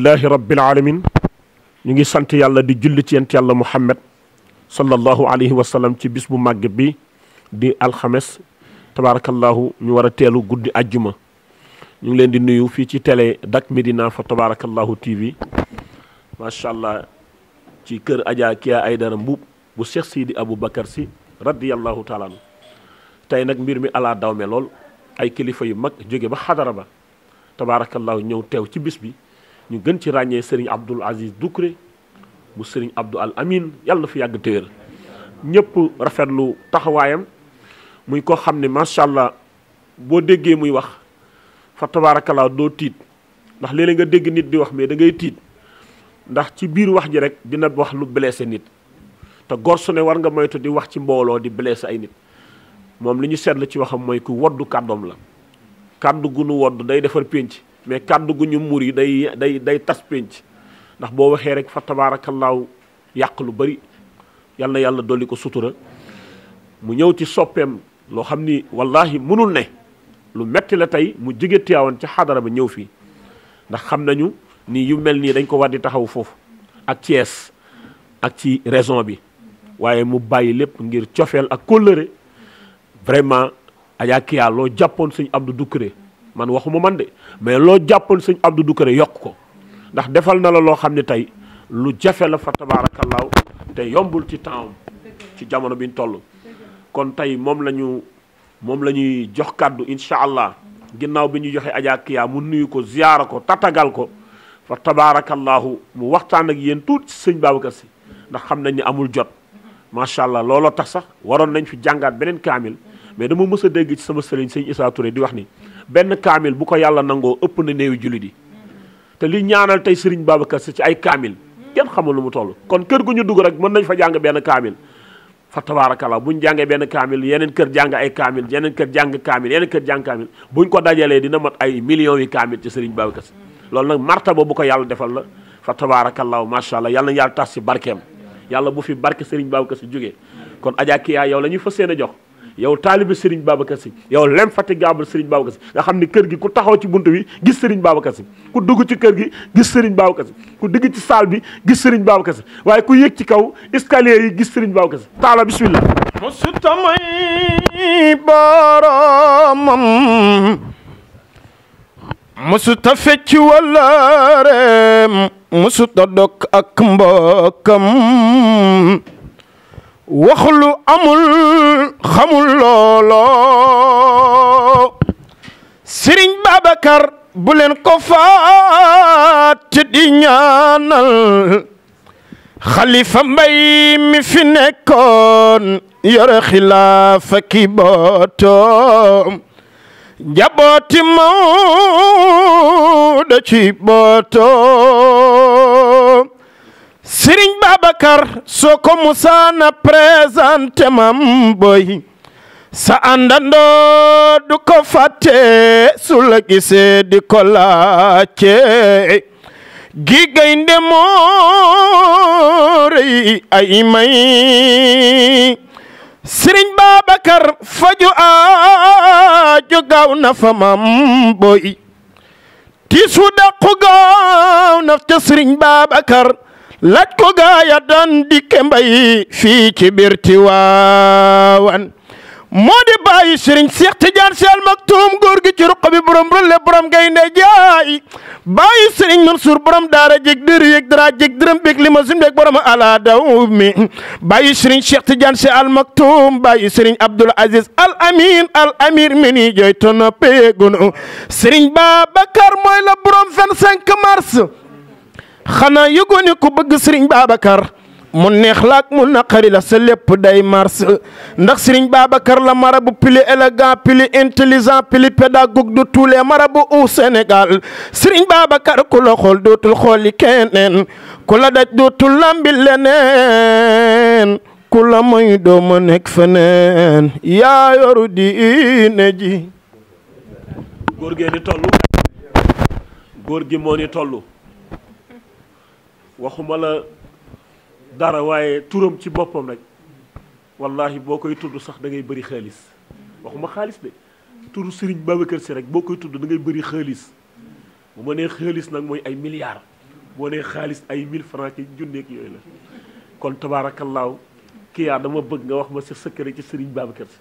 لله رب العالمين نيغي سانت يالا دي جولي تي انت يالا محمد صلى الله عليه وسلم تي بسم ماغ بي دي الخميس تبارك الله ني ورا تيلو غودي اجما نيغي لين دي نيو في تي تيلي داك مدينة ف تبارك الله تي في ما شاء الله تي كير اجا كيا اي دار مبوب بو شيخ سيدي ابو بكر سي رضي الله تعالى تاي نك ميرمي على داومي لول اي كليفه يو ماغ جوغي با حضره با تبارك الله نيو تيو تي بسبي بي ñu gën ci ràññee sëriñ Abdoul Aziz Doucouré bu sëriñ Abdou Al Amin yàlla na fi yàgg téer ñëpp rafetlu taxawaayam muy koo xam ne macha allah boo déggee muy wax fa tabaarakallaa doo tiit ndax léeg nga dégg nit di wax mais da ngay tiit ndax ci biir wax ji rek dina wax lu blessé nit te gor su ne war nga moytu di wax ci mbooloo di blessé ay nit moom li ñu seetlu ci waxam mooy ku woddu kàddoom la kàddu gu nu day defar pénc mais kàddu gu ñu mur yi day day day tas pénc ndax boo waxee rek fa tabaarakallaahu yàq lu bëri yàlla yàlla dolli ko sutura mu ñëw ci soppeem loo xam ni wallaahi mënul ne lu metti la tey mu jige Tiwaawan ci xadara bi ñëw fii ndax xam nañu ni yu mel nii dañ ko war di taxaw foofu ak Thiès ak ci raison bi waaye mu bàyyi lépp ngir cofeel ak kóllëre vraiment ayaa kiyaa loo jàppoon sëñ Abdou Doucouré man waxuma man de mais loo jàppoon sëñ Abdou Doucouré yokk ko ndax defal na la loo xam ne tey lu jafe la fa tabaarakallaaw te yombul ci temps ci jamono bi ñu toll kon tey moom la ñu moom la ñuy jox kàddu incha allah ginnaaw bi ñu joxe Adja Kiya mu nuyu ko ziyaara ko tatagal ko fa tabaarakallaahu mu waxtaan ak yéen tuuti sëñ Babacar si ndax xam nañ ne amul jot macha allah looloo tax sax waroon nañ fi jàngaat beneen kaamil mais dama mës a dégg ci sama sëriñ sëñ Issa Touré di wax ni benn kaamil bu ko yàlla nangoo ëpp na néewi jullit yi te li ñaanal tey Serigne Babacar ci ay kaamil kenn xamul lu mu toll kon kër gu ñu dugg rek mën nañ fa jàng benn kaamil fa tabaarakala bu ñu jàngee benn kaamil yeneen kër jàng ay kaamil yeneen kër jàng kaamil yeneen kër jàng kaamil bu ñu ko dajalee dina mat ay million yi kaamil ci Serigne Babacar loolu nag martaba bu ko yàlla defal la fa tabaarakallaahu macha allah yàlla na yàlla tas si barkeem yàlla bu fi barke Serigne Babacar Sy jógee kon Adja Kiya yow la ñuy fas yéene jox yow taalibe Serigne Babacar Sy yow l'infatigable Serigne Babacar Sy nga xam ni kër gi ku taxaw ci buntu bi gis Serigne Babacar Sy ku dugg ci kër gi gis Serigne Babacar Sy ku dugg ci salle bi gis Serigne Babacar Sy waaye ku yëg ci kaw escalier yi gis Serigne Babacar Sy taala bismillah musutamay boromam musuta fecc wala reem musuta dok ak mbokam wax lu amul xamul looloo Serigne Babacar bu leen ko faat di ñaanal xalifa mbay mi fi nekkoon yore xilaafa ki bootoom jabooti Maodo ci bootoom sëriñ Babacar soo ko musaana présenté mam boy sa àndandoo du ko fàtte su la gisee di ko laajte gi gaynde moo rëy ay may sëriñ faju a jogaaw fa mam boy daqu gaaw naf ca sëriñ laaj ko gaaya daan dikke mbay fii ci biir Tiwaawan moo di bàyyi sëriñ Seex Tijaan Si Al Maktuum góor gi ci bi borom rulle borom gaynde jaay bàyyi sëriñ Mansuur borom daara jég dir yëg dara jég dërëm bég li ma sim beeg borom ala daw mi bàyyi sëriñ Si Al Maktuum bàyyi Abdul Aziz Al Amin Al Amir mi ni tono péegunu sëriñ Babacar mooy la borom 25 mars xanaa yëgoo ne ku bëgg sëriñ Babacar mu neex la mu naqari la sa lépp day mars ndax sëriñ Babacar la marabu plus élégant plus intelligent plus pédagogue de tous les marabouts au Sénégal sëriñ Babacar ku la xool dootul xooli keneen ku la daj dootul lambi leneen ku la moy doo ma nekk feneen yaa yoru diine ji góor gee ni toll gi moo ni toll waxuma la dara waaye turam ci boppam rek wallahi boo koy tudd sax da ngay bëri xaalis waxuma xaalis de turu Serigne Babacar Sy rek boo koy tudd da ngay bëri xaalis bu ma nee xaalis nag mooy ay milliards boo nee xaalis ay mille francs ci junneeg yooyu la kon tabaarakallaahu kiyaa dama bëgg nga wax ma sa secret ci Serigne Babacar Sy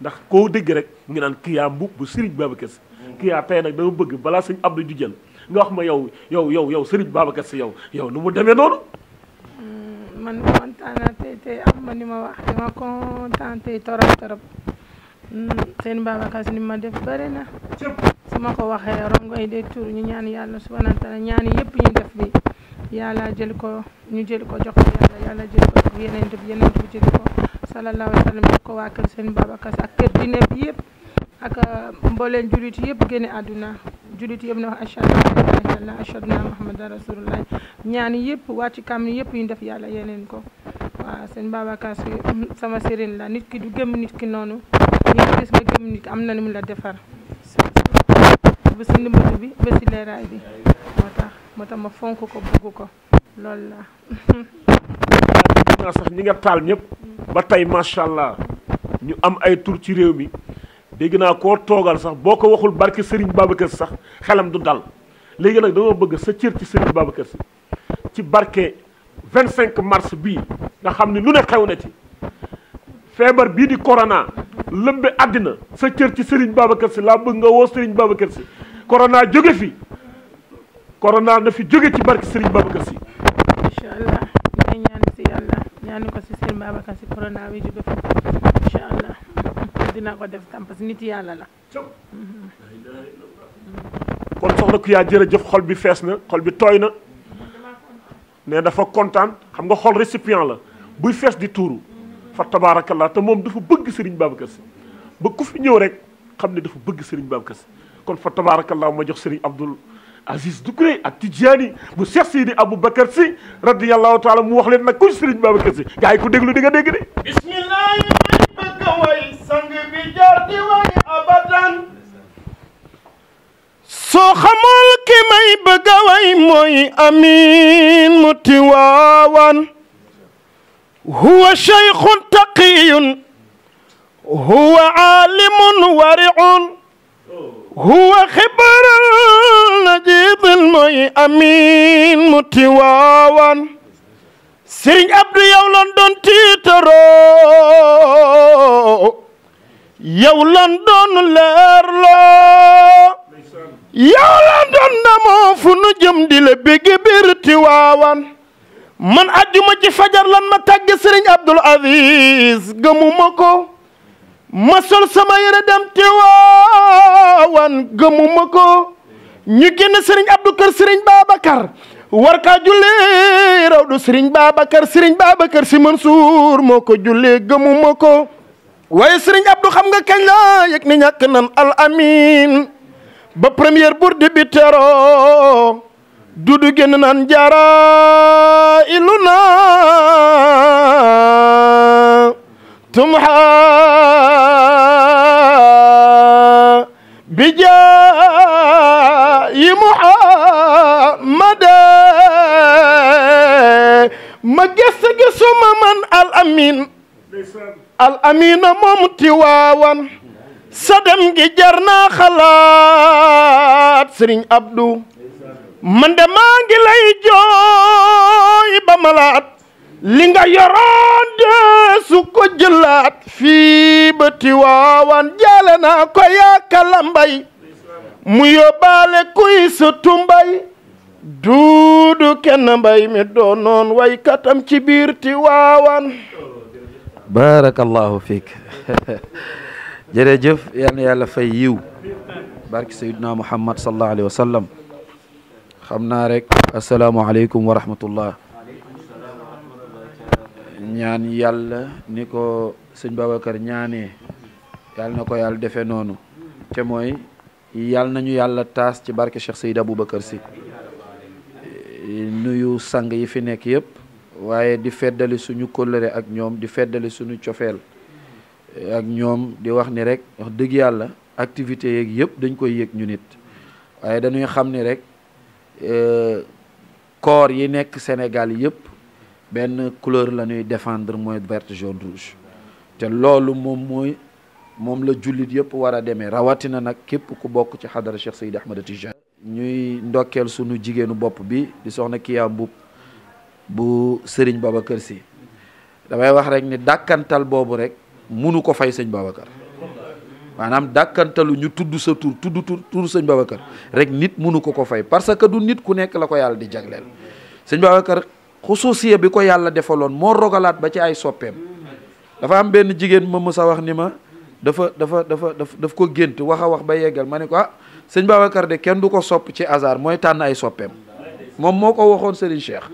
ndax koo dégg rek ngi naan kiyaa mbub bu Serigne Babacar Sy kiyaa tey nag dama bëgg balaa sëñ Abdou di jël nga wax ma yow yow yow yow Serigne Babacar si yow yow nu mu demé noonu. Mm, man contenté naa tey am ma ni ma wax dama kontaan tey torop torop mm, seen Babacar ni ma def bëri na. su ma ko waxee rongoy de tour ñu ñaan yalla subhanahu wa taala ñaan yépp ñu def bi yalla jël ko ñu jël ko jox yalla yalla jël ko jox yeneen bi yeneen bi jël ko sallallahu alaihi wasallam ko waa kër seen Babacar ak kër diine bi yépp ak euh, mbolen julit yëpp génne aduna julit yëpp ne wax ashhadu an la ilaha ñaan yëpp wàcc kam yëpp yu ñu def yàlla yeneen ko waaw seen Babacar Si sama sëriñ la nit ki du gëm nit ki noonu ñu gis ma gëm nit am na nu mu la defar ba si ndimbal bi ba si bi moo tax moo tax ma fonk ko bugg ko lool la sax ñi nga taal ñëpp ba tey macha allah ñu am ay tur ci réew mi léegi naa ko toogal sax boo ko waxul barke Serigne Babacar si sax xelam du dal léegi nag dama bëgg sa cër ci Serigne Babacar si ci barke 25 mars bii nga xam ni lu ne xew na ci feebar bii di corona lëmbe àddina sa cër ci sëriñ Babacar si laa bëgg nga woo Serigne Babacar si corona jóge fi corona na fi jóge ci barke Serigne Babacar si. incha allah ñu ñaan si yàlla ñaanu ko si Serigne Babacar si corona bi jóge allah. naa ko def tam parce que nit yàlla la. kon soxna ku yaa jërëjëf xol bi fees na xol bi tooy na ne dafa kontaan xam nga xol récipient la buy fees di tuuru fa tabaarakallah te moom dafa bëgg Serigne Babacar Sy ba ku fi ñëw rek xam ne dafa bëgg Serigne Babacar Sy kon fa tabaarakallah ma jox sëriñ Abdoul. Aziz Dukuré ak Tidjani bu Cheikh Sidi Aboubacar si radiyallahu taala mu wax leen nag kuñ Serigne Babacar si gars yi ku déglu di nga dégg de. bismillah nañ bëgg way sang bi jaar di way abadan. soo xamul ki may bëgg a way mooy Amin mu Tiwaawan. huwa cheikhun taqiyun. huwa alimun wariun. huwa xibaral najidil mooy amiin mu tiwaawan sëriñ abdu yow lan tiitaroo yow lan leerloo yow lan ndamoo fu nu jëm di la bégge biir tiwaawan man ajjuma ci fajar lan ma tàgg sëriñ abdul aziz gëmuma ko ma sol sama yére dem Tiwaawan gëmuma ko ñu génn sëriñ Abdou Kër sëriñ Babacar war kaa jullee raw du sëriñ Babacar sëriñ Babacar si Mansour moo ko jullee gëmuma ko waaye sëriñ Abdou xam nga kañ la yëg ni ñàkk nan al amin ba première bourde bi tero dudu génn naan jaara ilu na tumha بجاي محمد ما جس جس من الأمين الأمين ممتواوا sadam gi jar naa xalaat sëriñ Abdou man de maa ngi lay jooy ba malaat li nga yoroon de su ko fii ba Tiwaawan jaale naa ko yaakala mbay mu yóbbaale kuy sa tumbay duudu kenn mbay mi doonoon waykatam ci biir Tiwaawan barakallahu fiik jërëjëf yal na yàlla fay yiw barki sayyidina muhammad sallallahu alayhi wa xam naa rek asalaamaaleykum wa ñaan yàlla ni ko sëñ Babacar ñaanee yàlla na ko yàlla defee noonu te mooy yàlla nañu yàlla taas ci barke Cheikh Seydou Aboubacar si nuyu sang yi fi nekk yëpp waaye di feddali suñu kóllëre ak ñoom di feddali suñu cofeel ak ñoom di wax ni rek wax dëgg yàlla activité yeeg yëpp dañ koy yëg ñu nit waaye dañuy xam ni rek eh, koor yi nekk Sénégal yëpp benn couleur la ñuy défendre mooy verte jaune rouge te loolu moom mooy moom la jullit yëpp war a demee rawatina nag képp ku bokk ci xadara Cheikh Seydi Ahmada Tijaan ñuy ndokkel sunu jigéenu bopp bi di soxna Kiya Mbuub bu Serigne kër si damay wax rek ni dàkkantal boobu rek mënu ko fay sëñ Babacar maanaam dàkkantalu ñu tudd sa tur tudd tur tur sëñ Babacar rek nit mënu ko ko fay parce que du nit ku nekk la ko yàlla di jagleel sëñ Babacar xusuusiya bi ko yàlla defaloon moo rogalaat ba ci ay soppeem dafa am benn jigéen ma musa wax ni ma dafa dafa dafa daf daf ko gént wax a wax ba yeggal ma ne ko ah sëñ Babacar de kenn du ko sopp ci hasard mooy tànn ay soppeem moom moo ko waxoon Serigne Cheikh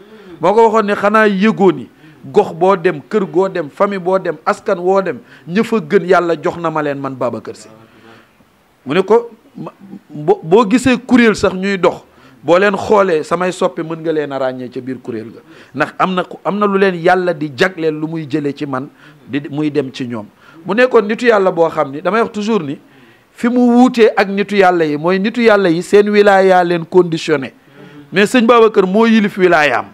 moo ko waxoon ne xanaa yëgoo ni gox boo dem kër goo dem famille boo dem askan woo dem ña fa gën yàlla jox na ma leen man Babacar si mu ne ko boo gisee kuréel sax ñuy dox boo leen xoolee samay soppe mën nga leen a ràññee ca biir kuréel ga ndax am na am na lu leen yàlla di jagleel lu muy jëlee ci man di muy dem ci ñoom mu nekkoon nitu yàlla boo xam ni damay wax toujours ni fi mu wuutee ak nitu yàlla yi mooy nitu yàlla yi seen wilaya leen conditionné mais sëñ Babacar moo yilif wilayaam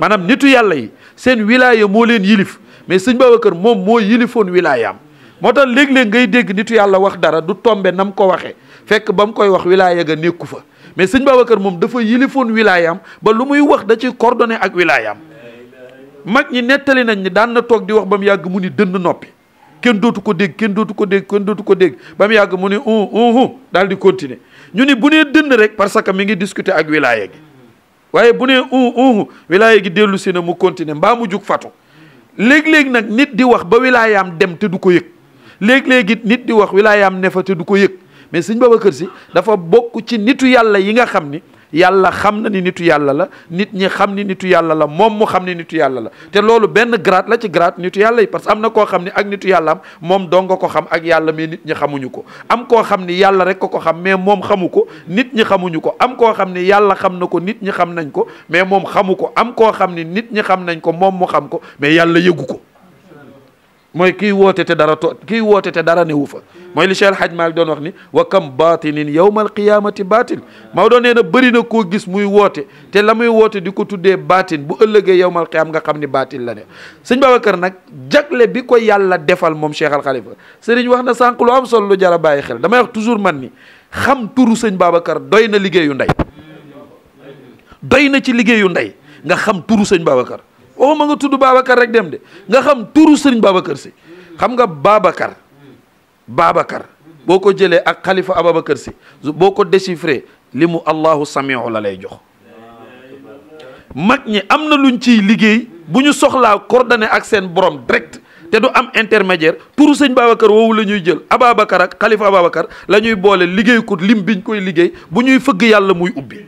maanaam nitu yàlla yi seen wilaya moo leen yilif mais sëñ Babacar moom moo yilifoon wilayaam moo tax léegi léeg ngay dégg nitu yàlla wax dara du tombe nam ko waxee fekk ba mu koy wax wilaya ga nekku fa mais sëñ kër moom dafa yilifoon wilaayam ba lu muy wax da ci coordonné ak wilaayam mag ñi nettali nañ ni daan na toog di wax ba mu yàgg mu ni dënn noppi kenn dootu ko dégg kenn dootu ko dégg kenn dootu ko dégg ba mu yàgg mu ni un un daal di continuer ñu ni bu nee dënd rek parce que mi ngi discuter ak wilaaya gi waaye bu nee un un wilaaya gi dellu si na mu continuer mbaa mu jug fatu léegi léegi nag nit di wax ba wilaayaam dem te du ko yëg léegi léeg nit di wax wilaayaam ne fa te du ko yëg mais sëñ Babacar Si dafa bokk ci nitu yàlla yi nga xam ni yàlla xam na ni nitu yàlla la nit ñi xam ni nitu yàlla la moom mu xam ni nitu yàlla la te loolu benn grade la ci grade nitu yàlla yi parce que am na koo xam ni ak nitu yàlla am moom dong nga ko xam ak yàlla mais nit ñi xamuñu ko am koo xam ni yàlla rek ko ko moom xamu ko nit ñi xamuñu ko am koo xam ni yàlla xam na ko nit ñi xam nañ ko mais moom xamu ko am koo xam ni nit ñi xam nañ ko moom mu xam ko mais yàlla yëgu ko moy ki wote te dara to ki wote te dara ne wufa moy li Cheikh Hadj mal don wax ni wa kam baatinin yawmal qiyaamati batil ma do neena beuri na ko gis muy wote te lamuy wote diko tuddé batin tuddee baatin bu ëllëgee yawmal qiyaam nga xamni batil la ne seigne babakar nak jagle bi ko yàlla defal mom Cheikh Al Khalifa seigne wax na sank lu am sol lu jara baye xel dama wax toujours man ni xam turu seigne babakar doyna na liggéeyu ndey doy ci liggéeyu nday nga xam turu seigne babakar ma nga tudd Babacar rek dem de nga xam turu sëriñ Babacar si xam nga Babacar Babacar boo ko jëlee ak xalifa Ababacar si boo ko déchiffré li mu Allahu samiu la lay jox mag ñi am na luñ ciy liggéey bu ñu soxlaa coordonné ak seen borom direct te du am intermédiaire turu sëñ Babacar woowu la ñuy jël Ababacar ak xalifa Ababacar la ñuy boole liggéey ko lim biñ koy liggéey bu ñuy fëgg yàlla muy ubbi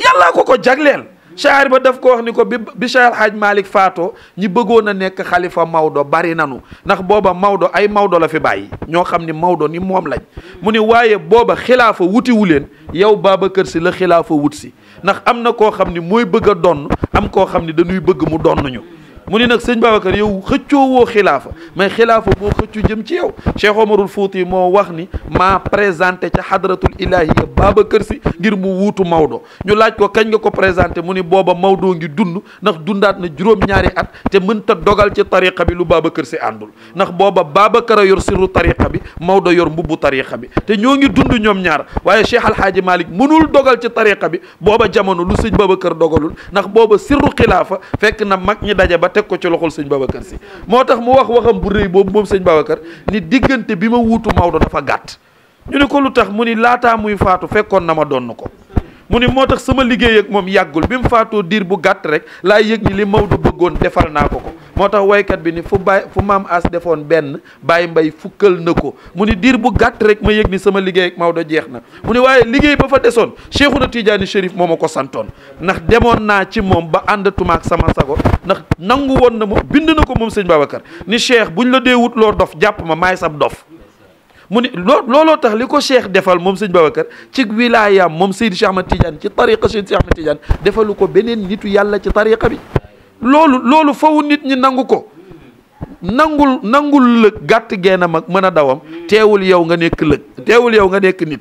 yàlla ko ko jagleel. shaar ba daf ko wax ni ko bi bi Cheikh Alhaaj Malick faatoo ñi bëggoon a nekk xalifa Maodo bari nanu ndax booba Maodo ay Maodo la fi bàyyi ñoo xam ni Maodo ni moom lañ mu ne waaye booba xilaafa wutiwu leen yow kër Si la xilaafa wut si ndax am na koo xam ni mooy bëgg a donn am koo xam ni dañuy bëgg mu donn ñu mu ni nag sëñ Babacar yow xëccoo woo xilaafa mais xilaafa boo xëccu jëm ci yow Cheikh Omarul Fouti moo wax ni maa présenté ca xadratul ilahiya Babacar si ngir mu wuutu Maodo ñu laaj ko kañ nga ko présenté muni boba booba Maodo ngi dund ndax dundaat na juróom-ñaari at te mënta dogal ci tariqa bi lu Babacar si àndul nak boba Babacar a yor siru tariqa bi Maodo yor mbubbu tariqa bi te ñoo ngi dund ñoom ñaar waaye Cheikh Alhaaji Malick mënul dogal ci tariqa bi booba jamono lu sëñ Babacar dogalul ndax booba sirru xilaafa fekk na mag ñi daje ba teg ko ci loxol sëñ Babacar si moo tax mu wax waxam bu rëy boobu moom sëñ Babacar ni diggante bi ma wuutu Maodo dafa gàtt ñu ne ko lu tax mu ni laataa muy faatu fekkoon na ma donn ko mu ni moo tax sama liggéey ak moom yàggul bi mu faatoo diir bu gàtt rek laa yëg ni li Maodo bëggoon defal naa ko ko moo tax waykat bi ni fu baay fu maam as defoon benn bàyyi mbay fukkal na ko mu ni diir bu gàtt rek ma yëg ni sama liggéey ak Maodo jeex na mu ni waaye liggéey ba fa desoon Cheikhouna Tidiane Chérif moo ma ko santoon ndax demoon naa ci moom ba àndatuma ak sama sago ndax nangu woon na moom bind na ko moom sëñ Babacar ni cheikh ñu la dee wut loo dof jàpp ma maay sab dof mu ni loo looloo tax li ko cheikh defal moom sëñ Babacar ci wilaayam moom Seydi Cheikh Ahmad Tidiane ci tariqa Seydi Cheikh Ahmad Tidiane defalu ko beneen nitu yàlla ci tariqa bi loolu loolu fawu nit ñi nangu ko nangul nangul lëg gàtt geenam ak mën a dawam teewul yow nga nekk lëg teewul yow nga nekk nit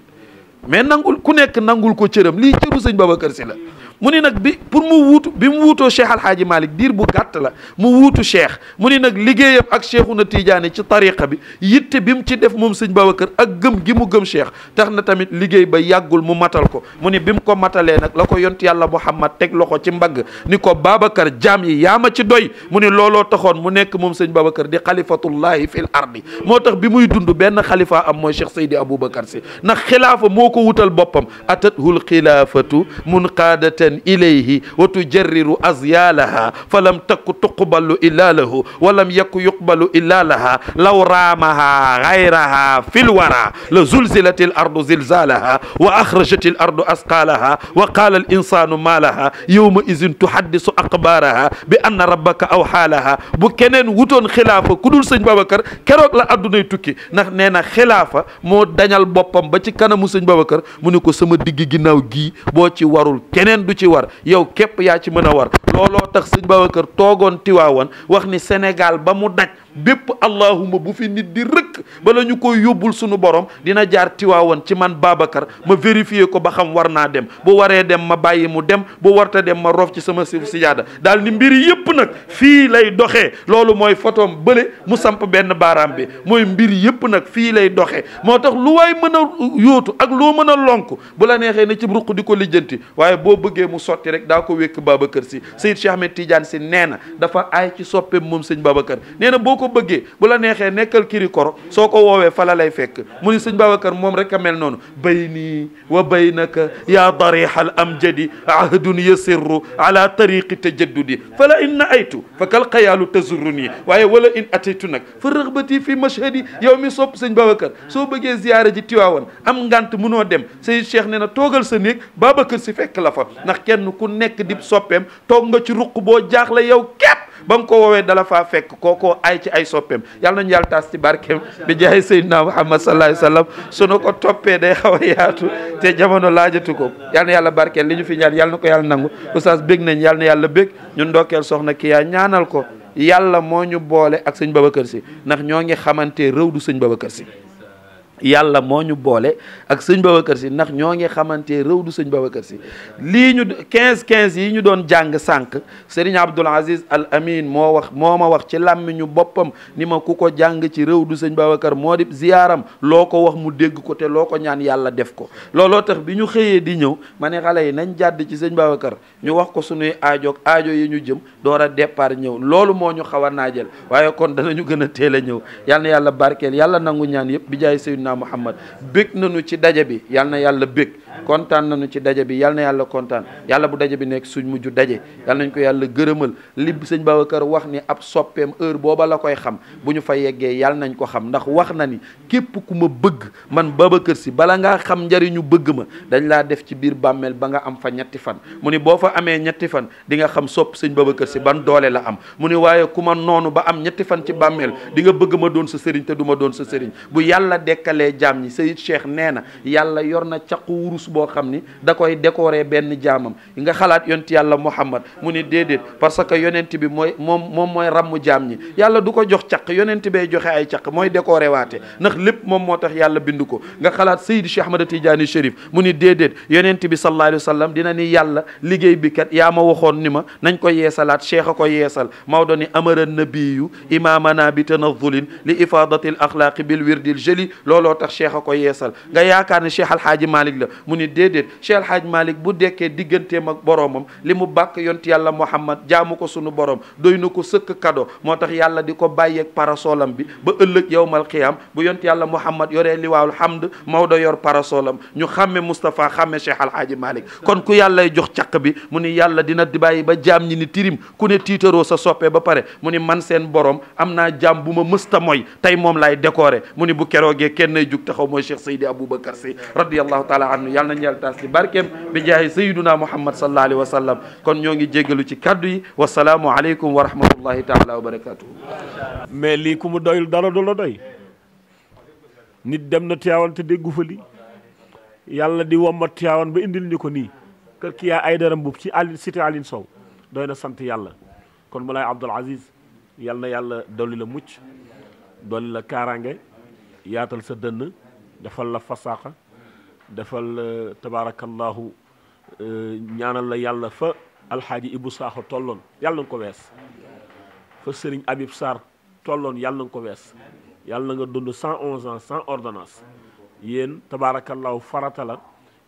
mais nangul ku nekk nangul ko cëram lii cëru sëñ Babacar Si la muni nak bi pour mu wuutu bi mu wouto cheikh alhaaji malik dir bu gàtt la mu wouto cheikh muni nak nag ak cheikhou na tidiane ci tariqa bi yitte bim ci def mom seigne babakar ak gëm gi mu gëm cheikh taxna tamit liggéey ba yagul mu matal ko muni bim ko matale nak lako yont yàlla muhammad tek loxo ci mbag ni ko Babacar jaam yi yaa ma ci doy muni lolo taxone mu nek mom seigne babakar di khalifatullah fil ard motax bi muy dund ben khalifa am moy cheikh seydi bakkar si na khilafa moko woutal bopam boppam atathul xilaafatu munqaadatan إليه وتجرر أزيالها فلم تك تقبل إلا له ولم يك يقبل إلا لها لو رامها غيرها في الورى لزلزلت الأرض زلزالها وأخرجت الأرض أسقالها وقال الإنسان ما لها يومئذ تحدث أقبارها بأن ربك أو حالها بكنن ودون خلافة كدول سيد بابكر كروك لا أدوني توكي نحن خلافة مو دانيال بوبام باتي كان مو سيد بابكر منيكو سما ديجي جناو جي بوتي وارول كنن دوتي ci war yow képp yaa ci mën a war looloo tax sëñ kër toogoon Tiwaawan wax ni Sénégal ba mu daj bépp allahuma bu fi nit di rëkk dëkk bala ñu koy yóbbul sunu borom dina jaar Tiwaawan ci man Babacar ma vérifier ko ba xam war naa dem bu waree dem ma bàyyi mu dem bu warta dem ma rof ci sama suuf si jaada daal ni mbir yëpp nag fii lay doxee loolu mooy photom bële mu samp benn baaraam bi mooy mbir yëpp nag fii lay doxe moo tax lu waay mën a yootu ak loo mën a lonk bu la neexee ne ci ruq di ko lijjanti waaye boo bëggee mu sotti rek daa ko wékk Babacar si Seyd Cheikh Ahmed si nee na dafa aay ci soppeem moom sëñ Babacar nee na boo ko bëggee bu la neexee nekkal kirikoro soko wowe fala lay fek mu ni sëñ Babacar moom rek ka mel non bayni wa baynaka darih al amjadi ahdun yasir ala tariq tajaddudi fala in aitu fa kal xayaalu tazurruni wala in ataytu nak fa raghbati fi mashhadi yawmi sop seigne babakar so beugé bëggee ji tiwawon am ngant muno dem seigne Cheikh ne togal sa néeg si fek la fa ndax kenn ku nek dip sopem tok nga ci ruq bo jaxla yow kep ba mu ko woowee dala faa fekk kookoo ay ci ay soppeem yàlla nañu yàlla taas ci barkeem bi jaay Seydina Muhammad sallallahu alayhi wasallam su nu ko toppee day xaw a yaatu te jamono laajatu ko yàlla na yàlla barkeel li ñu fi ñaan yàlla na ko yàlla nangu oustaz bég nañ yàlla na yàlla bég ñun ndokkeel soxna kii a ñaanal ko yàlla moo ñu boole ak sëñ kër si ndax ñoo ngi xamante réew du sëñ Babacar si yàlla moo ñu boole ak sëñ Babacar si ndax ñoo ngi xamante réew du sëñ Babacar si lii ñu 15 15 yi ñu doon jàng sànq Serigne Abdoul Aziz Al Amin moo wax moo ma wax ci làmmiñu boppam ni ma ku ko jàng ci réew du sëñ Babacar moo di ziyaaram loo ko wax mu dégg ko te loo ko ñaan yàlla def ko. looloo tax bi ñu xëyee di ñëw ma ne xale yi nañ jàdd ci sëñ Babacar ñu wax ko sunuy aajoog aajo yi ñu jëm door a départ ñëw loolu moo ñu xaw a naajal waaye kon danañu gën a teel a ñëw yal yàlla barkeel yàlla nangu Seydina Muhammad bég nañu ci daje bi yal na yàlla bég kontaan nañu ci daje bi yal na yàlla kontaan yàlla bu daje bi nekk suñ mujj daje yal nañ ko yàlla gërëmal li sëñ Babacar wax ni ab soppeem heure booba la koy xam bu ñu fa yeggee yal nañ ko xam ndax wax na ni képp ku bëgg man Babacar si bala ngaa xam njariñu bëgg ma dañ laa def ci biir bàmmeel ba nga am fa ñetti fan mu ni boo fa amee ñetti fan di nga xam sopp sëñ Babacar si ban doole la am mu ni waaye ku ma noonu ba am ñetti fan ci bàmmeel di nga bëgg ma doon sa sëriñ te doon sa sëriñ bu yàlla dekkalee jaam na boo xam da koy décorer benn jaamam nga xalaat yonti yàlla Muhammad mu ni parce que yonent bi mooy moom moom mooy ràmm jaam yàlla du jox caq yonent bee joxe ay caq mooy décorer waate ndax lépp moom moo yàlla bind nga xalaat Seydi Cheikh Ahmad Tidiane Chérif mu ni déedéet bi sallallahu alayhi wa dina ni yàlla liggéey bi kat yaa ma waxoon ni ma nañ ko cheikh ko yeesal Maodo ni amara imamana bi tanazulin li ifadati al axlaaqi bil wirdil jëli looloo tax cheikh ko yeesal nga yaakaar ne cheikh alhaaji Malick la mu ni déedéet Cheikh El Hadj bu dekkee digganteem ak boromam li mu bàkk yont yàlla Muhammad jaamu ko sunu borom doy na ko sëkk kado moo tax yàlla di ko bàyyeek parasolam bi ba ëllëg yowmal qiyaam bu yont yàlla Muhammad yoree liwaawul hamd Maodo yor parasolam ñu xàmme Moustapha xàmme Cheikh El Hadj Malick kon ku yàllay jox caq bi mu ni yàlla dina bàyyi ba jaam ñi ni tirim ku ne tiitaroo sa soppee ba pare mu ni man seen borom am naa jaam bu ma mësta mooy tey moom laay décorer mu ni bu keroogee kenn jug taxaw mooy Cheikh Seydi Aboubacar Sy yàlla nañu yàlla taas ci barkeem bi jaahi sayyiduna muhammad sallallahu alayhi wa sallam kon ñoo ngi jéggalu ci kaddu yi wasalaamu aleykum wa rahmatullahi taala wa mais lii ku mu doyul dara du la doy nit dem na Tiwaawan te déggu fa lii yàlla di wommat Tiwaawan ba indil ñu ko nii kër ki yaa ay daram bub ci Aline cité Aline Sow doy na sant yàlla kon Moulay Abdoul Aziz na yàlla dolli la mucc dolli la kaaraange yaatal sa dënn defal la fasaaxa defal euh, tabaarakallahu euh, ñaanal la yàlla fa alxaaji Ibou Sakho tolloon yàlla na nga ko wees fa Serigne Habib Sarr tolloon yàlla na nga ko wees yàlla na nga dund 111 ans sans ordonnance yéen tabaarakallahu farata la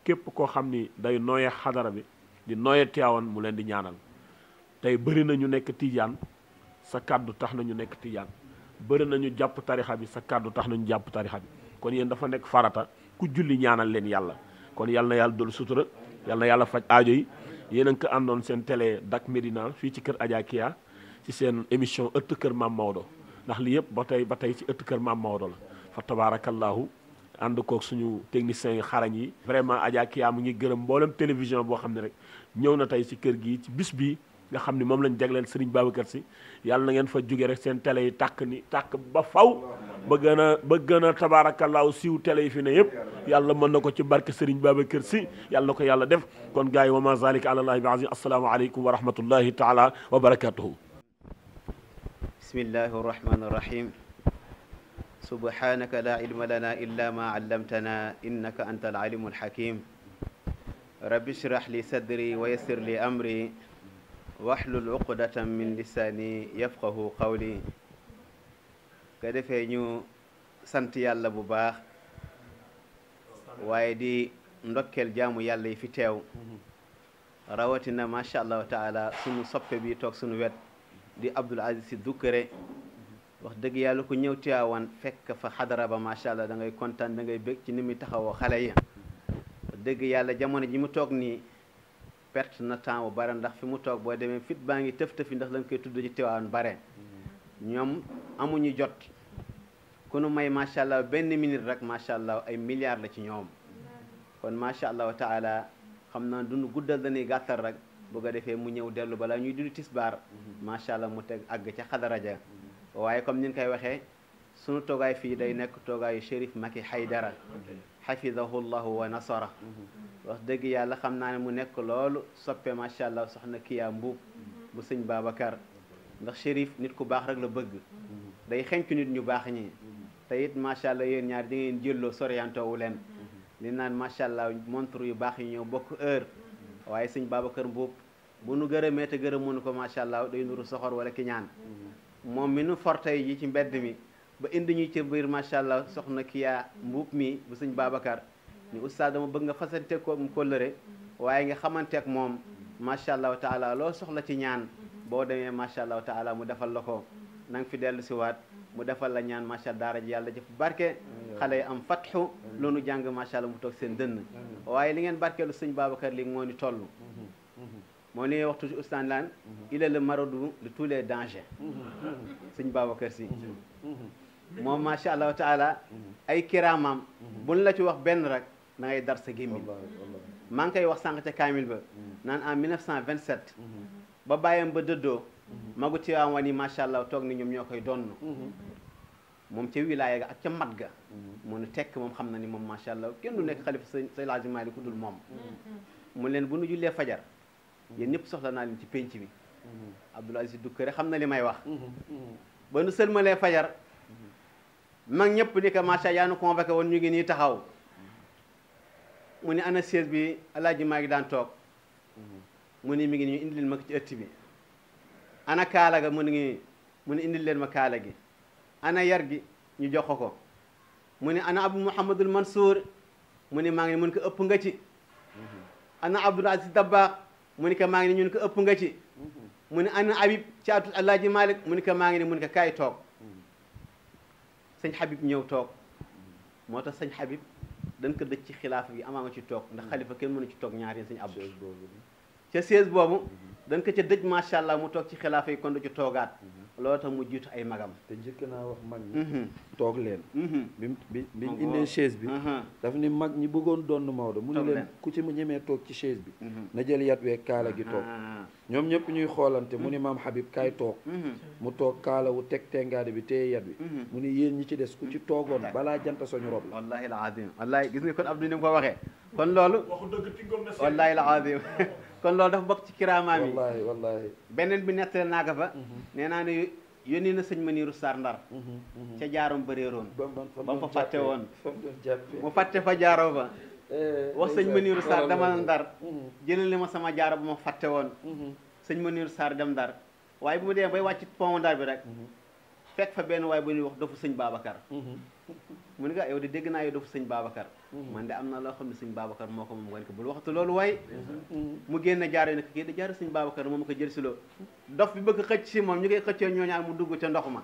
képp koo xam ni day nooye xadara bi di nooye Tiwaawan mu leen di ñaanal tey bëri na ñu nekk tiijaan sa kàddu tax na ñu nekk tiijaan bëri na ñu jàpp tarixa bi sa kàddu tax na ñu jàpp tarixa bi kon yéen dafa nekk farata. ku julli ñaanal leen yàlla kon yàlla na yàlla dol sutura yàlla na yàlla faj aajo yi yéen a ko àndoon seen télé Dak Médina fii ci kër Adja Kia ci seen émission ëtt kër Mame Maodo ndax li yëpp ba tey ba tey ci ëtt kër Mame Maodo la fa tabaarakallaahu ànd koog suñu technicien yi xarañ yi vraiment Adja Kia mu ngi gërëm mboolem télévision boo xam ne rek ñëw na tey ci kër gi ci bis bii nga xam ni moom lañ jagleel Serigne Babacar Sy yàlla na ngeen fa jóge rek seen télé yi tàkk ni tàkk ba faw بغنا بغنا تبارك الله سيو تلي في نيب يالا من نكو تي بارك سيرن بابا كيرسي يالا كو يالا ديف كون جاي وما ذلك على الله بعزي السلام عليكم ورحمه الله تعالى وبركاته بسم الله الرحمن الرحيم سبحانك لا علم لنا الا ما علمتنا انك انت العليم الحكيم رب اشرح لي صدري ويسر لي امري واحلل عقده من لساني يفقه قولي nga defee ñu sant yàlla bu baax waaye di ndokkeel jaamu yàlla yi fi teew rawatina macha allah taala sunu soppe bi toog sunu wet di Abdoul Aziz Sy Doucouré wax dëgg yàlla ku ñëw Tiwaawan fekk fa xadara ba macha allah da ngay kontaan da ngay ci ni muy taxawoo xale yi wax dëgg yàlla jamono ji mu toog nii perte na temps bu bare ndax fi mu toog boo demee fit baa ngi tëf tëfi ndax lañ koy tudd ci Tiwaawan bare ñoom amuñu jot ku nu may macha allah benn minute rek macha allah ay milliards la ci ñoom kon macha allah taala xam naa dund guddal dañuy gàttar rek bu ko defee mu ñëw dellu balaa ñuy dudi tisbaar macha allah mu teg àgg ca xadara ja waaye comme nin koy waxee sunu toogaay fii day nekk toogaayu Chérif Maki Haydara xafidahu llahu wa nasara wax dëgg yàlla xam naa ne mu nekk loolu soppe macha allah soxna Kiya Mbuub bu sëñ Babacar ndax Chérif nit ku baax rek la bëgg mm-hmm. day xencu nit ñu baax ñi mm-hmm. te it macha allah yéen ñaar di ngeen jëlloo sorianto wu leen mm-hmm. li naan macha allah montre yu baax yi ñëw bokk heure waaye sëñ Babacar Mbuub bu nu gërëmee te mënu ko macha allah day nuru soxor wala ki ñaan moom mi nu fortay ji ci mbedd mi ba indi ñuy ci biir macha allah soxna Kiya Mbuub mi bu sëñ Babacar ni oustaz dama bëgg nga fasante ko mu kóllëre waaye nga xamante ak moom macha allah taala loo ci ñaan boo demee macha allahu taala mu defal la ko mm-hmm. na nga fi dellu si waat mu defal la ñaan macha allah daara ji yàlla jëf barke xale yi am fatxu lu nu jàng macha allah mu toog seen dënn waaye li ngeen barkeelu sëñ Babacar li moo ni toll moom li ngay wax toujours ustaan laan mm-hmm. il est le maradout de tous les dangers mm-hmm. sëñ Babacar si moom macha allahu taala ay kiraamam buñ la ci wax benn rek na ngay dar sa gémmiñ maa ngi koy wax sànq ca kaamil ba naan en 1927 ba bàyyam ba dëddoo magu Tiwaawan wani macha allah toog ni ñoom ñoo koy donn mm-hmm. moom ca wilaaya ga ak ca mat ga mm-hmm. mu nu tekk moom xam na ni moom macha allah kenn du nekk mm-hmm. xalifa sëñ sëñ Laaji Maalik ku dul moom mu leen bu nu jullee fajar yéen ñëpp soxla naa leen ci pénc mi Abdoul Aziz Dukkare xam na li may wax ba nu sëlmalee fajar mag ñëpp ni ko macha yaa nu convoqué woon ñu ngi nii taxaw mu ni ana siège bi alaaji maa ngi daan toog mu ni mi ngi ñu indil ma ko ci ëtt bi ana kaala ga mu ngi mu ni indil leen ma kaala gi ana yar gi ñu jox ko mu ni ana abu muhammadul mansour mu ni maa ngi mun ko ëpp nga ci ana abdul aziz dabbaax mu ni ko maa ngi ni ñun ko ëpp nga ci mu ni ana abib ci atul alaaji malik mu ni ko maa ngi ni ko kaay toog sëñ Habib ñëw toog moo sëñ Habib dañ ko dëj ci xilaaf gi amaa nga ci toog ndax xalifa kenn mënu ci toog ñaar yéen sëñ abdul ca chaise boobu dañ ko ca dëj macha allah mu toog ci xilaafa yi kon du ci toogaat mhm. loolu tax mu jiitu ay magam te njëkk naa wax mag ni mhm. toog leen mhm. bi bi bi indee chaise bi uh-huh. dafa ni mag ñi bëggoon donn Maodo mu ne leen ku ci ñemee toog ci chaise bi na jël yat wee kaala gi toog uh-huh. ñoom ñëpp ñuy xoolante mu ni maam Habib kaay toog mu toog kaala wu teg tengaade bi téye yat bi mu ni yéen ñi ci des ku ci toogoon balaa jant soñu rob la wallahi al azim wallahi gis nga kon Abdou ni ko waxee kon loolu waxu dëgg kon loolu dafa bokk ci kiraamaam yi wallaahi wallaahi beneen bi nettali naa ko fa mhm. nee naa ne yo yónni na sëñ ma Maniru saar Ndar mhm, mhm. ca jaarom bëreeroon ba mu fa fàtte woon mu fàtte fa jaaroo ba eh, wax sëñ Maniru Sarr dama Ndar jëlale ma sama jaaro ba ma fàtte woon sëñ Maniru Sarr dem Ndar waaye bu mu dee bay wàcc pont Ndar bi rek fekk fa benn waaye bu ñuy wax dofu sëñ baabakar mu ne ko ah, yow de dégg naa yow dofu sëñ Babacar Mhm. man de am na loo xam ne suñ Babacar moo ko moom nga ne ko bul waxtu loolu waaye mhm. mu génn jaar yi ne ko kii di jaar suñ Babacar moom ko jël si loo dof bi bëgg xëcc si moom ñu koy xëccee ñooñaa mu dugg ca ndox ma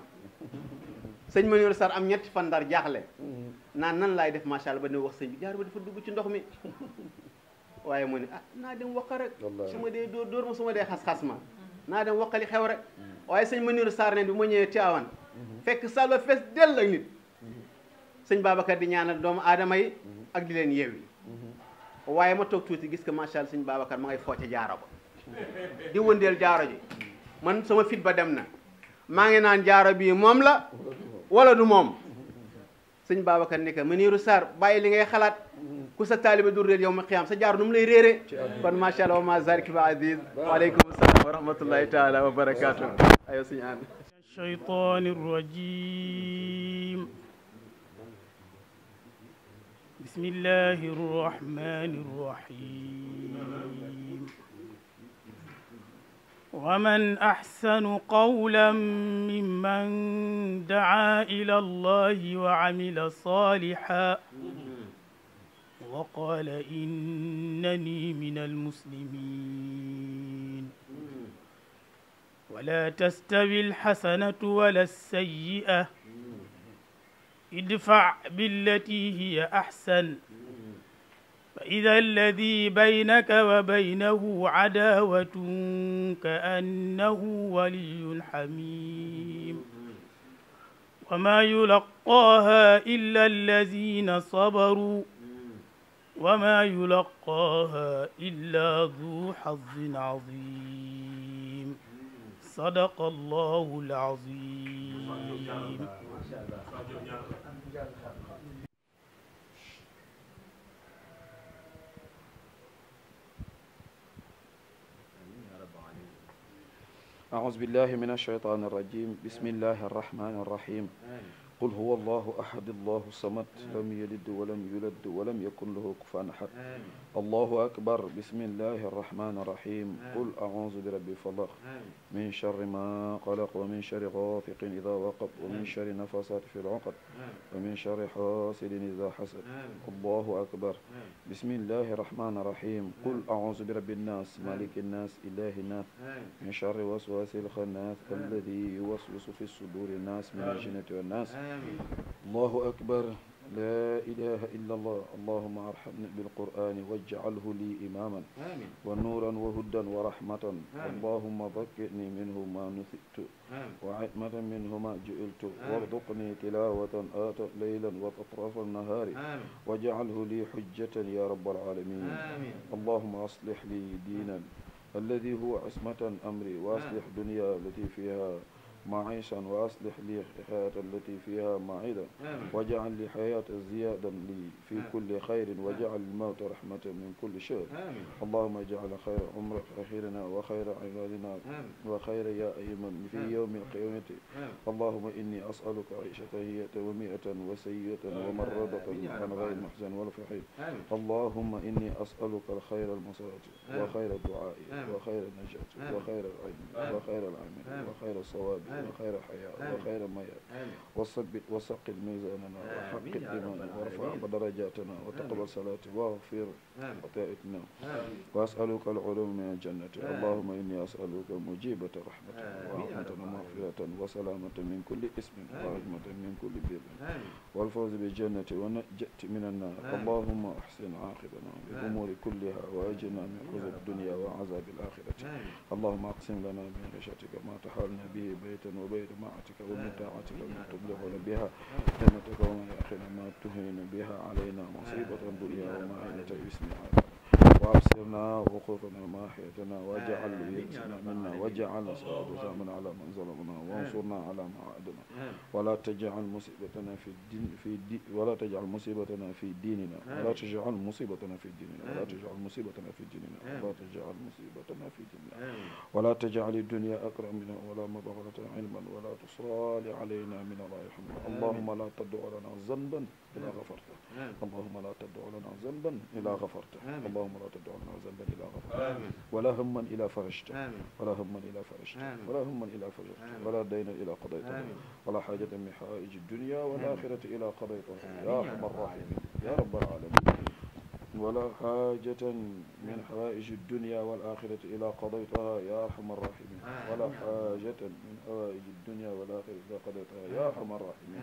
sëñ Maniour Sarr am ñetti fan ndar jaaxle mhm. naan nan laay def macha allah ba ne wax sëñ bi jaar ba dafa dugg ci ndox mi waaye mu ne ah naa dem wax rek su ma dee dóor dóor ma su ma dee xas-xas ma naa dem wax waxali xew rek waaye sëñ Maniour Sarr ne bi ma ñëwee Tiwaawan fekk salo fees dell sëñ Babacar di ñaanal doomu aadama yi ak di leen waaye ma toog tuuti gis que macha allah sëñ Babacar ma ngay fooce jaaro ba di wëndeel jaaro ji man sama fit ba dem na maa ngi naan jaaro bi moom la wala du moom sëñ Babacar ni que Muniru Sarr bàyyi li ngay xalaat ku sa taaliba du réer yow ma xiyaam sa jaaro nu lay réeree kon macha wa ma zalik bi aziz waaleykum salaam wa rahmatullahi taala wa barakaatu ayo sëñ aan shaytaani rajim بسم الله الرحمن الرحيم ومن أحسن قولا ممن دعا إلى الله وعمل صالحا وقال إنني من المسلمين ولا تستوي الحسنة ولا السيئة ادفع بالتي هي أحسن فإذا الذي بينك وبينه عداوة كأنه ولي حميم وما يلقاها إلا الذين صبروا وما يلقاها إلا ذو حظ عظيم صدق الله العظيم أعوذ بالله من الشيطان الرجيم بسم الله الرحمن الرحيم قل هو الله أحد الله الصمد لم يلد ولم يولد ولم يكن له كفان أحد الله أكبر بسم الله الرحمن الرحيم قل أعوذ برب الفلق من شر ما قلق ومن شر غافق إذا وقب ومن شر نفسات في العقد ومن شر حاسد إذا حسد الله أكبر بسم الله الرحمن الرحيم قل أعوذ برب الناس مالك الناس إله الناس من شر وسواس الخناس الذي يوسوس في صدور الناس من الجنة والناس الله أكبر لا إله إلا الله اللهم أرحمني بالقرآن واجعله لي إماما آمين ونورا وهدى ورحمة آمين اللهم ذكرني منه ما نسيت وعتمة منه ما جئلت وارزقني تلاوة آت ليلا وأطراف النهار آمين واجعله لي حجة يا رب العالمين آمين اللهم أصلح لي دينا الذي هو عصمة أمري وأصلح دنيا التي فيها معيشا وأصلح لي الحياه التي فيها معيدا واجعل لي حياة زيادا لي في كل خير واجعل الموت رحمة من كل شر اللهم اجعل خير عمرك أخيرنا وخير عبادنا وخير يا أيمن في يوم القيامة اللهم إني أسألك عيشة هي ومئة وسيئة ومرضة عن غير محزن ولا فحيد اللهم إني أسألك الخير المصائب وخير الدعاء وخير النجاة وخير العلم وخير العمل وخير الصواب وخير حياء وخير مياء وثبت وسق ميزاننا وحق إيماننا وارفع درجاتنا وتقبل صلاتي واغفر خطائتنا وأسألك العلوم من الجنة اللهم إني أسألك مجيبة رحمة ورحمة ومغفرة وسلامة من كل اسم ورحمة من كل بر والفوز بالجنة ونجأت من النار اللهم أحسن عاقبنا بالأمور كلها وأجنا من عذاب الدنيا وعذاب الآخرة اللهم أقسم لنا من غشتك ما تحالنا به بيتا وبين معتك ومن طاعتك ومن تبلغنا بها جنتك وما يأخذ ما تهين بها علينا مصيبة الدنيا وما عينة باسم وأبصرنا وقوتنا ما أحيتنا واجعل ليتنا منا واجعل صعودنا على من ظلمنا وانصرنا على ما عادنا ولا تجعل مصيبتنا في الدين في الدين ولا تجعل مصيبتنا في ديننا ولا تجعل مصيبتنا في ديننا ولا تجعل مصيبتنا في ديننا ولا تجعل مصيبتنا في ديننا ولا تجعل الدنيا أكرم منا ولا مبغرة علما ولا تصرال علينا من الله يرحمنا اللهم لا تدع لنا ذنبا إلا غفرته اللهم لا تدع لنا ذنبا إلا غفرته اللهم لا تدع تدعونا وذنبا إلى غفرت ولا هما إلى فرجته ولا هما إلى فرجته ولا هما إلى فرجته ولا دينا إلى قضيته ولا حاجة من حوائج الدنيا والآخرة إلى قضيته يا أرحم الراحمين يا رب العالمين ولا حاجة من حوائج الدنيا والآخرة إلى قضيتها يا أرحم الراحمين ولا حاجة من حوائج الدنيا والآخرة إلى قضيتها يا أرحم الراحمين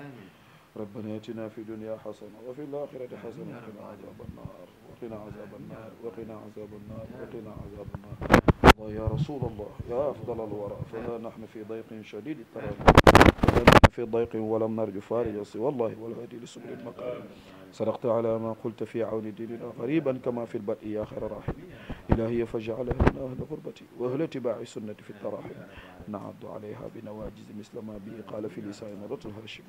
ربنا اتنا في الدنيا حسنة وفي الآخرة حسنة وقنا عذاب النار وقنا عذاب النار وقنا عذاب النار وقنا عذاب النار الله يا رسول الله يا أفضل الورى فها نحن في ضيق شديد نحن في ضيق ولم نرجو فارجا سوى الله والهدي لسبل المقام صدقت على ما قلت في عون ديننا غريبا كما في البدء يا خير راحم إلهي فجعلها من أهل غربتي وأهل اتباع السنة في التراحم نعض عليها بنواجز مثل ما به قال في لسان مرات الهاشمي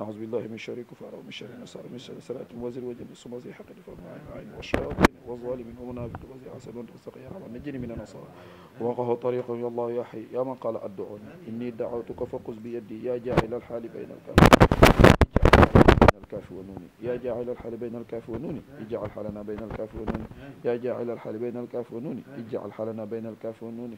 نعوذ بالله من شر كفار ومن شر نصار من شر سلات وزير وجل الصمازي حق فرمان عين والشياطين والظالم ومنافق وزي عسل وسقي حرام نجني من النصارى وقه طريق يا الله يا حي يا من قال أدعوني إني دعوتك فقز بيدي يا جاعل الحال بين الكلام الكاف والنون يا جاعل الحال بين الكاف والنون اجعل حالنا بين الكاف والنون يا جاعل الحال بين الكاف والنون اجعل حالنا بين الكاف والنون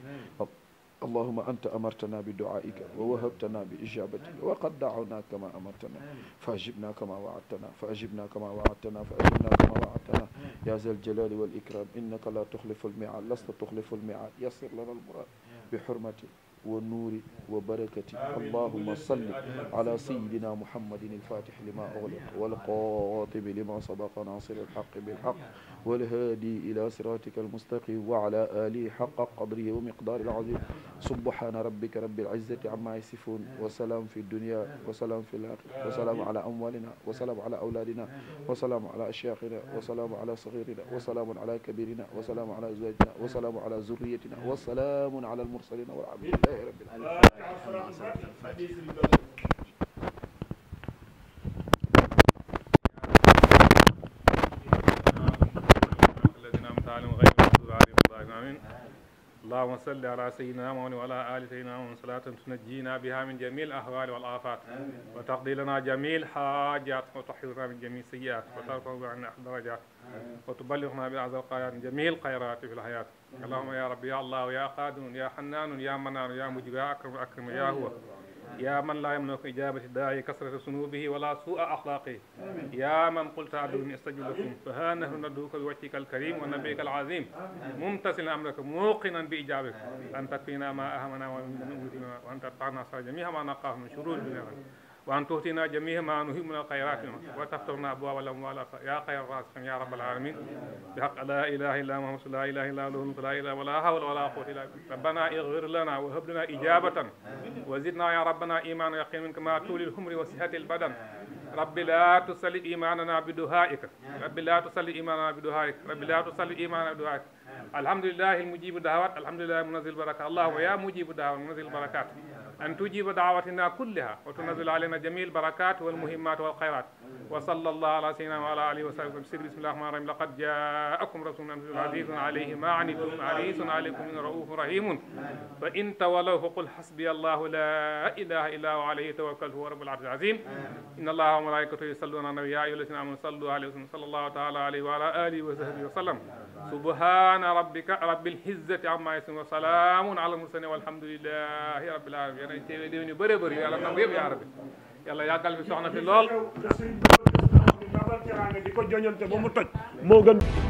اللهم أنت أمرتنا بدعائك ووهبتنا بإجابتك وقد دعونا كما أمرتنا فأجبنا كما وعدتنا فأجبنا كما وعدتنا فأجبنا كما وعدتنا يا ذا الجلال والإكرام إنك لا تخلف الميعاد لست تخلف الميعاد يسر لنا المراد بحرمتك والنور وبركة اللهم صل على سيدنا محمد الفاتح لما أغلق والقاطب لما سبق ناصر الحق بالحق والهادي إلى صراطك المستقيم وعلى آله حق قدره ومقدار العظيم سبحان ربك رب العزة عما يصفون وسلام في الدنيا وسلام في الآخرة وسلام على أموالنا وسلام على أولادنا وسلام على أشياخنا وسلام على صغيرنا وسلام على كبيرنا وسلام على أزواجنا وسلام على ذريتنا وسلام على المرسلين والحمد لله رب العالمين اللهم صل على سيدنا محمد وعلى ال سيدنا محمد صلاه تنجينا بها من جميع الاهوال والافات وتقضي لنا جميع الحاجات وتحفظنا من جميع السيئات وترفع عنا الدرجات وتبلغنا بأعز القيات من جميع الخيرات في الحياه اللهم يا رب يا الله يا قادم يا حنان يا منان يا مجيب يا اكرم اكرم يا هو يا من لا يملك إجابة الداعي كثرة سنوبه ولا سوء أخلاقه يا من قلت عدوني أستجب لكم فها نحن ندعوك بوجهك الكريم ونبيك العظيم ممتثلا أمرك موقنا بإجابتك أن تكفينا ما أهمنا ومن أمورنا وأن تدفعنا جميع ما نقاه من شرور دنيانا وأن تؤتينا جميع ما نهي من الخيرات وتفترنا أبواب الأموال يا خير راسخ يا رب العالمين بحق لا إله إلا محمد لا إله إلا الله لا إله ولا حول ولا قوة إلا بالله ربنا اغفر لنا وهب لنا إجابة وزدنا يا ربنا إيمانا يقينا كما تولي الحمر وصحة البدن رب لا تسل إيماننا بدهائك رب لا تسل إيماننا بدهائك رب لا تسل إيماننا بدهائك الحمد لله المجيب الدعوات الحمد لله منزل البركات اللهم يا مجيب الدعوات منزل البركات أن تجيب دعوتنا كلها وتنزل علينا جميع البركات والمهمات والخيرات وصلى الله على سيدنا وعلى اله وصحبه وسلم بسم الله الرحمن الرحيم لقد جاءكم رسول من عزيز عليه ما عنتم عريس عليكم رؤوف رحيم فان تولوا فقل حسبي الله لا اله الا هو عليه توكل هو رب العرش العظيم ان الله وملائكته يصلون على النبي يا ايها الذين امنوا صلوا عليه وسلم صلى الله تعالى عليه وعلى اله وصحبه وسلم سبحان ربك رب العزه عما يصفون وسلام على المرسلين والحمد لله رب العالمين يعني تيوي ديوني بري بري يا رب يا رب yàlla yàggal fi soxna fi lool. di ko joñante ba mu toj moo gën.